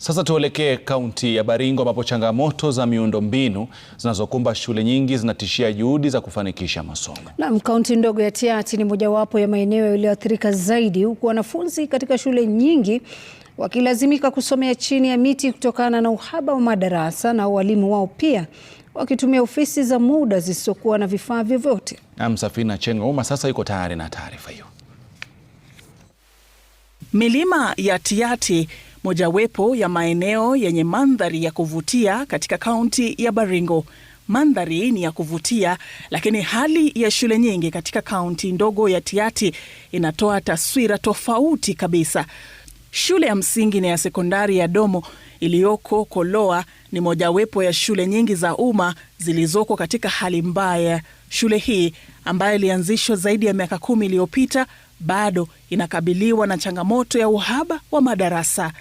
Sasa tuelekee kaunti ya Baringo ambapo changamoto za miundombinu zinazokumba shule nyingi zinatishia juhudi za kufanikisha masomo. Naam, kaunti ndogo ya Tiaty ni mojawapo ya maeneo yaliyoathirika zaidi huku wanafunzi katika shule nyingi wakilazimika kusomea chini ya miti kutokana na uhaba wa madarasa na walimu wao pia wakitumia ofisi za muda zisizokuwa na vifaa vyovyote. Naam, Safina Chenga Uma sasa yuko tayari na taarifa hiyo. Milima ya Tiaty mojawapo ya maeneo yenye mandhari ya kuvutia katika kaunti ya Baringo. Mandhari ni ya kuvutia, lakini hali ya shule nyingi katika kaunti ndogo ya Tiaty inatoa taswira tofauti kabisa. Shule ya msingi na ya sekondari ya Domo iliyoko Koloa ni mojawapo ya shule nyingi za umma zilizoko katika hali mbaya. Shule hii ambayo ilianzishwa zaidi ya miaka kumi iliyopita bado inakabiliwa na changamoto ya uhaba wa madarasa.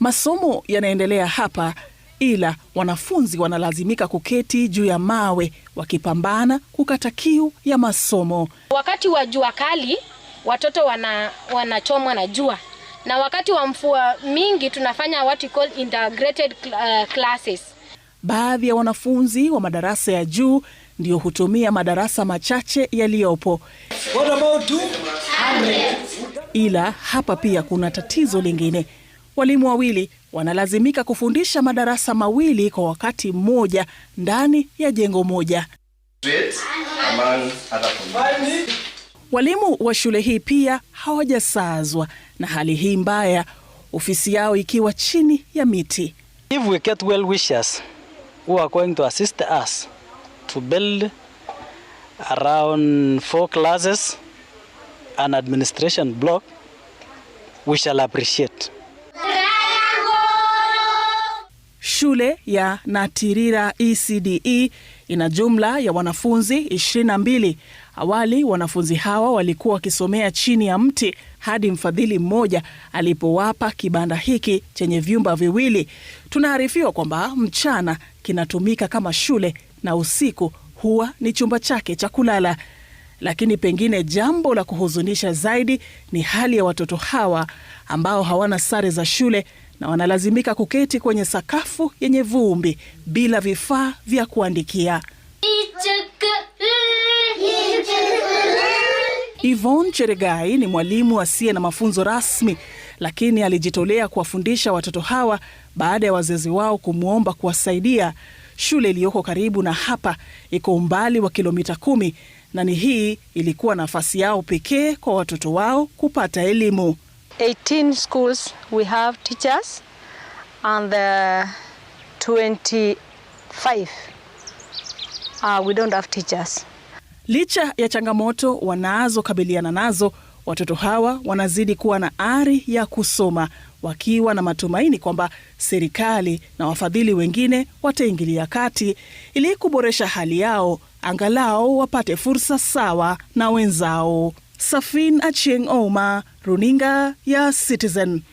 Masomo yanaendelea hapa, ila wanafunzi wanalazimika kuketi juu ya mawe wakipambana kukata kiu ya masomo. Wakati wa jua kali watoto wana, wanachomwa na jua, na wakati wa mfua mingi tunafanya what we call integrated uh, classes baadhi ya wanafunzi wa madarasa ya juu ndio hutumia madarasa machache yaliyopo. Ila hapa pia kuna tatizo lingine. Walimu wawili wanalazimika kufundisha madarasa mawili kwa wakati mmoja ndani ya jengo moja. Walimu wa shule hii pia hawajasazwa na hali hii mbaya, ofisi yao ikiwa chini ya miti. If we get well wishes who are going to assist us to build around four classes, an administration block, we shall appreciate. Shule ya Natirira ECDE e ina jumla ya wanafunzi 22. Awali wanafunzi hawa walikuwa wakisomea chini ya mti hadi mfadhili mmoja alipowapa kibanda hiki chenye vyumba viwili. Tunaarifiwa kwamba mchana kinatumika kama shule na usiku huwa ni chumba chake cha kulala. Lakini pengine jambo la kuhuzunisha zaidi ni hali ya watoto hawa ambao hawana sare za shule na wanalazimika kuketi kwenye sakafu yenye vumbi bila vifaa vya kuandikia. Yvonne Cheregai ni mwalimu asiye na mafunzo rasmi, lakini alijitolea kuwafundisha watoto hawa baada ya wazazi wao kumwomba kuwasaidia. Shule iliyoko karibu na hapa iko umbali wa kilomita kumi na ni hii ilikuwa nafasi yao pekee kwa watoto wao kupata elimu. 18 schools we have teachers and the 25 uh, we don't have teachers. Licha ya changamoto wanazokabiliana nazo, watoto hawa wanazidi kuwa na ari ya kusoma wakiwa na matumaini kwamba serikali na wafadhili wengine wataingilia kati ili kuboresha hali yao, angalau wapate fursa sawa na wenzao. Safin Achieng' Oma, runinga ya Citizen.